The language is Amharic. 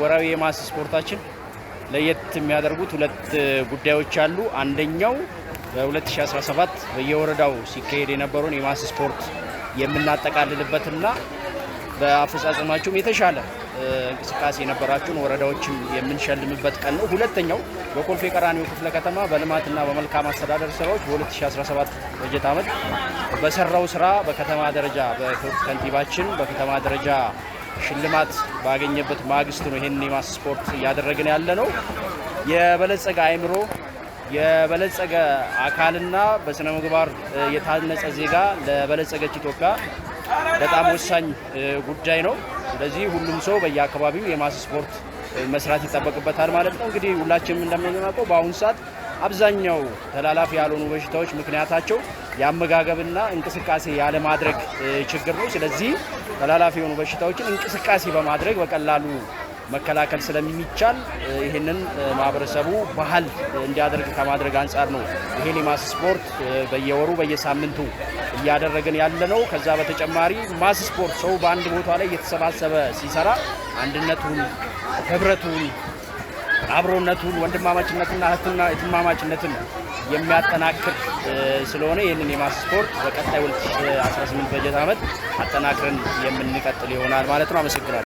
ወራዊ የማስ ስፖርታችን ለየት የሚያደርጉት ሁለት ጉዳዮች አሉ። አንደኛው በ2017 በየወረዳው ሲካሄድ የነበረውን የማስ ስፖርት የምናጠቃልልበትና በአፈጻጸማቸውም የተሻለ እንቅስቃሴ የነበራችሁን ወረዳዎችም የምንሸልምበት ቀን ነው። ሁለተኛው በኮልፌ ቀራኒዮ ክፍለ ከተማ በልማትና በመልካም አስተዳደር ስራዎች በ2017 በጀት ዓመት በሰራው ስራ በከተማ ደረጃ በከንቲባችን በከተማ ደረጃ ሽልማት ባገኘበት ማግስት ነው ይህን የማስ ስፖርት እያደረግን ያለ ነው። የበለጸገ አይምሮ የበለጸገ አካልና በስነ ምግባር የታነጸ ዜጋ ለበለጸገች ኢትዮጵያ በጣም ወሳኝ ጉዳይ ነው። ስለዚህ ሁሉም ሰው በየአካባቢው የማስ ስፖርት መስራት ይጠበቅበታል ማለት ነው። እንግዲህ ሁላችንም እንደምናውቀው በአሁኑ ሰዓት አብዛኛው ተላላፊ ያልሆኑ በሽታዎች ምክንያታቸው የአመጋገብና እንቅስቃሴ ያለማድረግ ችግር ነው። ስለዚህ ተላላፊ የሆኑ በሽታዎችን እንቅስቃሴ በማድረግ በቀላሉ መከላከል ስለሚቻል ይህንን ማህበረሰቡ ባህል እንዲያደርግ ከማድረግ አንጻር ነው ይሄ ማስ ስፖርት በየወሩ በየሳምንቱ እያደረግን ያለ ነው። ከዛ በተጨማሪ ማስ ስፖርት ሰው በአንድ ቦታ ላይ እየተሰባሰበ ሲሰራ አንድነቱን፣ ህብረቱን፣ አብሮነቱን፣ ወንድማማችነትና እህትማማችነትን የሚያጠናክር ስለሆነ ይህንን የማስስፖርት በቀጣይ 2018 በጀት ዓመት አጠናክረን የምንቀጥል ይሆናል ማለት ነው። አመሰግናለሁ።